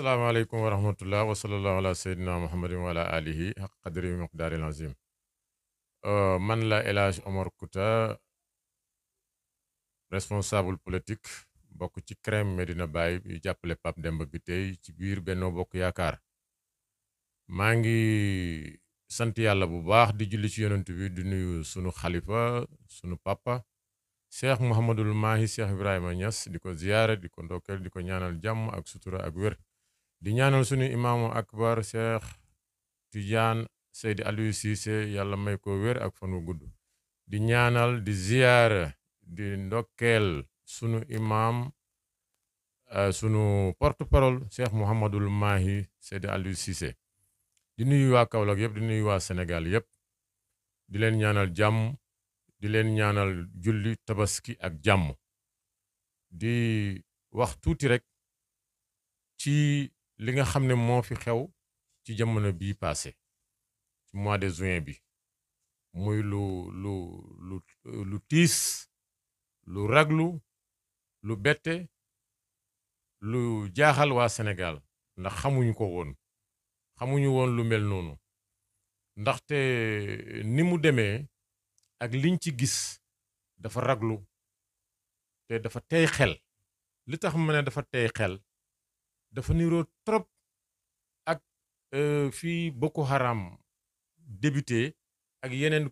asalaamaaleykum wa rahmatullah wa sallallahu ala sayyidina muhammadin wa ala alihi haq qadri miqdaaril azim euh, man la El Hadj Omar responsable politique bokk ci CREM Medina Baye yu jàppale demb bi Bitèye ci biir Benno Bokk Yaakaar maa ngi sant yàlla bu baax di julli ci yonent bi di nuyu sunu xalifa sunu papa cheikh Mouhamadul Mahi cheikh Ibrahima Niass di ko ziyaare di ko ndokkeel di ko ñaanal jàmm ak sutura ak wér di ñaanal sunu imaamu akbar Cheikh Tidiane Seydi Aliou Cissé yàlla may ko wér ak fan gudd di ñaanal di ziyaara di ndokkeel sunu imaam euh, sunu porte parole Cheikh Mouhamadul Mahi Seydi Aliou Cissé di nuy waa Kaolack yépp di nuyu waa Sénégal yëpp di leen ñaanal jàmm di leen ñaanal julli tabaski ak jàmm di wax tuuti rek ci li nga xam ne moo fi xew ci jamono bii passé mois de juin bi muy lu lu lu lu tiis lu raglu lu bette lu jaaxal waa Sénégal ndax xamuñu ko woon xamuñu woon lu mel noonu ndaxte eh, ni mu demee ak liñ ci gis dafa raglu te dafa tey xel li tax ma ne dafa tey xel dafa niroo trop ak euh, fii Boko Haram débuté ak yeneen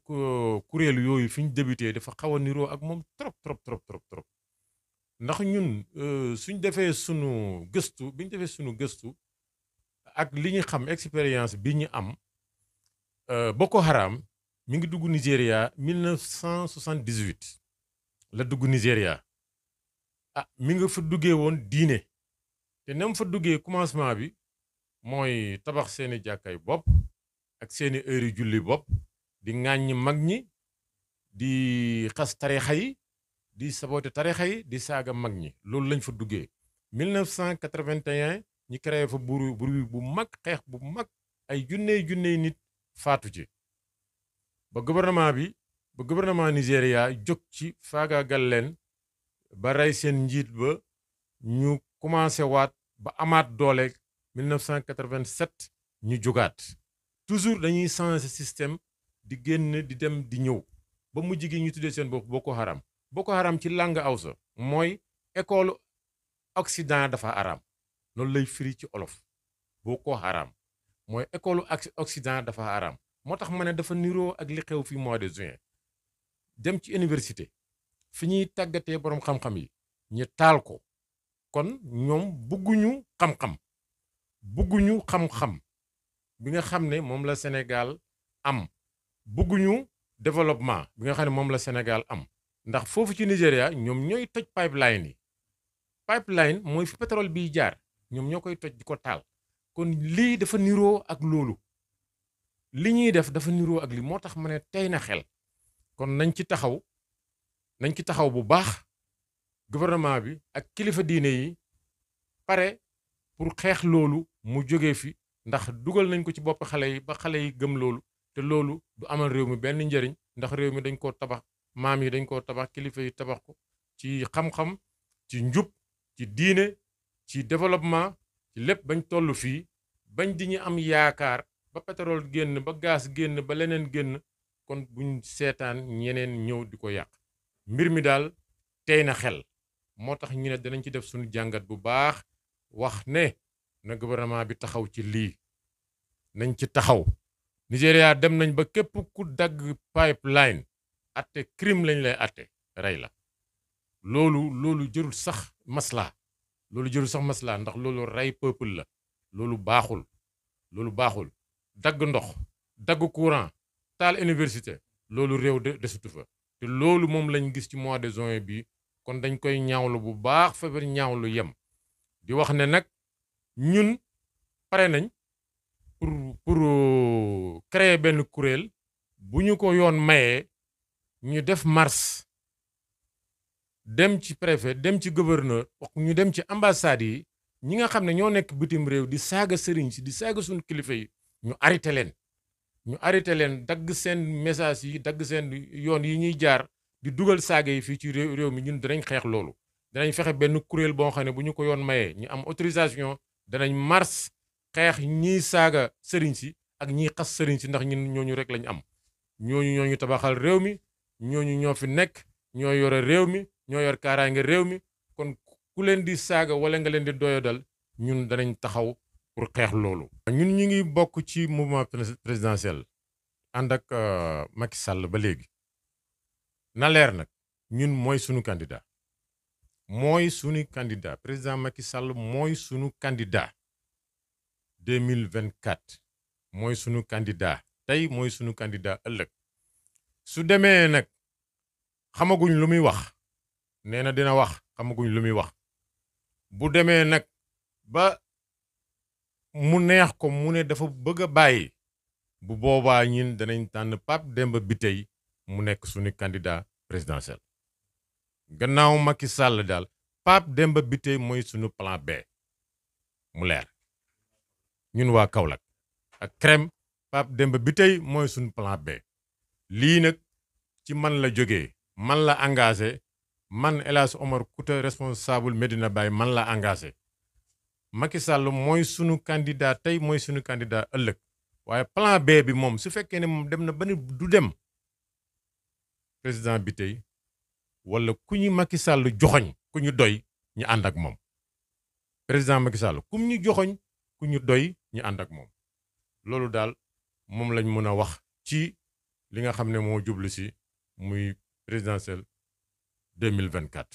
kuréel yooyu fi ñu débuté dafa xaw a niroo ak moom trop trop trop trop trop ndax ñun euh, suñ defee sunu gëstu bi ñu defee sunu gëstu ak li ñu xam expérience bi ñu am euh, Boko Haram mu ngi dugg Nigéria 1978 la dugg Nigéria ah mi nga fa duggee woon diine te nam fa duggee commencement bi mooy tabax seeni jàkkay bopp ak seeni heure yu julli bopp di ŋàññi mag ñi di xas tarixa yi di sabote tarixa yi di saaga mag ñi loolu lañ fa duggee 1981 ñi créé fa buru bu mag xeex bu mag ay junney junney nit faatu ci ba gouvernement bi ba gouvernement Nigéria jóg ci faagaagal leen ba rey seen njiit ba ñu commencé waat ba amaat doole 1987 ñu jógaat toujours dañuy changer système di génn di dem di ñëw ba mu gi ñu tuddee seen bopp Boko Haram Boko Haram ci langue Hausa mooy école Occident dafa haram loolu lay firi ci olof Boko Haram mooy école Occident dafa haram moo tax ma ne dafa niroo ak li xew fi mois de juin dem ci université fi ñuy tàggatee borom xam-xam yi ñu taal ko. kon ñoom bëgguñu xam-xam bëgguñu xam bi nga xam ne moom la Sénégal am bëgguñu développement bi nga xam ne moom la Sénégal am ndax foofu ci nigeria ñoom ñooy toj pipeline yi pipeline mooy fi pétrole biy jaar ñoom ñoo koy toj di ko taal kon lii dafa niroo ak loolu li ñuy def dafa niroo ak lii moo tax ma ne tey na xel kon nañ ci taxaw nañ ci taxaw bu baax gouvernement bi ak kilifa diine yi pare pour xeex loolu mu jóge fi ndax dugal nañ ko ci bopp xale yi ba xale yi gëm loolu te loolu du amal réew mi benn njëriñ ndax réew mi dañ koo tabax maam yi dañ koo tabax kilifa yi tabax ko ci xam-xam ci njub ci diine ci développement ci lépp bañ toll fii bañ di ñu am yaakaar ba pétrole génn ba gaz génn ba leneen génn kon buñ seetaan ñeneen ñëw di ko yàq mbir mi daal tey na xel moo tax ñu ne danañ ci def suñu jàngat bu baax wax ne na gouvernement bi taxaw ci lii nañ ci taxaw Nigéria dem nañ ba képp ku dagg pipeline atte krim lañ lay atte rey la loolu loolu jërul sax masla loolu jërul sax maslaa ndax loolu rey peuple la loolu baaxul loolu baaxul dagg ndox dagg courant taal université loolu réew de desutu fa te loolu moom lañ gis ci mois de juin bi kon dañ koy ñaawlu bu baax feebar ñaawlu yem di wax ne nag ñun pare nañ pour pour euh, créer benn kuréel bu ñu ko yoon mayee ñu def marche dem ci préfet dem ci gouverneur wax ñu dem ci ambassade yi ñi nga xam ne ñoo nekk bitim réew di saaga sëriñ si di saaga suñu kilifa yi ñu arrêté leen ñu arrêté leen dagg seen message yi dagg seen yoon yi ñuy jaar di dugal saaga yi fii ci réew réew mi ñun dinañ xeex loolu danañ fexe benn kuréel boo xam ne bu ñu ko yoon mayee ñu am autorisation danañ mars xeex ñii saaga sëriñ si ak ñii xas sëriñ si ndax ñun ñooñu rek lañ am ñooñu ñooñu tabaxal réew mi ñooñu ñoo fi nekk ñoo yore réew mi ñoo yor kaaraange réew mi kon ku leen di saaga wala nga leen di doyodal ñun danañ taxaw pour xeex loolu. ñun ñu ngi bokk ci mouvement présidentiel ànd ak euh, Macky Sall ba léegi. na leer nag ñun mooy sunu candidat mooy sunu candidat président Macky Sall mooy sunu candidat 2024 mooy sunu candidat tey mooy sunu candidat ëllëg su demee nag xamaguñ lu muy wax nee na dina wax xamaguñ lu muy wax bu demee nag ba mu neex ko mu ne dafa bëgg a bàyyi bu boobaa ñin danañ tànn Pape bi tey mu nekk suñu candidat présidentiel gannaaw Macky Sall daal Pape Demba Bitèye mooy suñu plan B mu leer ñun waa Kaolack ak crème Pape Demba Bitèye mooy suñu plan B lii nag ci man la jógee man la engagé man El Hadj Omar Kouta responsable Medina Baye man la engagé Macky Sall mooy sunu candidat tey mooy sunu candidat ëllëg waaye plan B bi moom su fekkee ne moom dem na ba ni du dem président bi tey wala ku ñu Macky Sall joxoñ ku ñu doy ñu ànd ak moom président Macky Sall kum ñu joxoñ ku ñu doy ñu ànd ak moom loolu daal moom lañ mën a wax ci li nga xam ne moo jublu si muy présidentielle 2024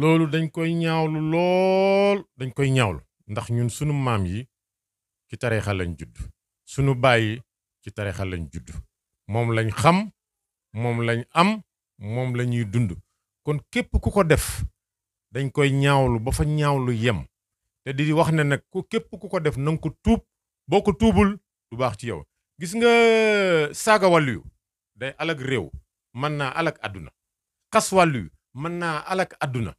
loolu dañ koy ñaawlu lool dañ koy ñaawlu ndax ñun sunu maam yi ci tarixa lañ judd sunu baay yi ci tarixa lañ judd moom lañ xam moom lañu am moom la ñuy dund kon képp ku ko def dañ koy ñaawlu ba fa ñaawlu yem te di wax ne nag ku képp ku ko def na ko tuub boo ko tuubul du baax ci yow gis nga euh, saaga wàllu day alag réew mën naa alag àdduna xas wàllu mën naa alag àdduna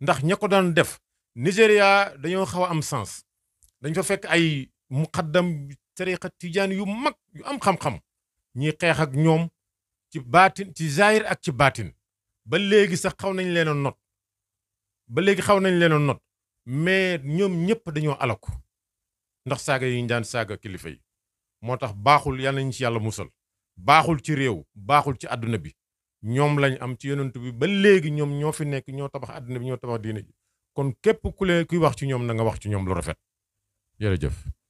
ndax ña ko daan def Nigéria dañoo xaw a am sens dañ fa fekk ay muqaddam tariqa tijaan yu mag yu am xam-xam ñi xeex ak ñoom ci baatin ci zaahir ak ci baatin ba léegi sax xaw nañ leen a not ba léegi xaw nañ leen a not mais ñoom ñëpp dañoo alaku ndax saaga yi ñu daan saaga kilifa yi moo tax baaxul yal nañ ci yàlla musal baaxul ci réew baaxul ci àdduna bi ñoom lañ am ci yonent bi ba léegi ñoom ñoo fi nekk ñoo tabax àdduna bi ñoo tabax diine ji kon képp ku leen kuy wax ci ñoom na nga wax ci ñoom lu rafet jërëjëf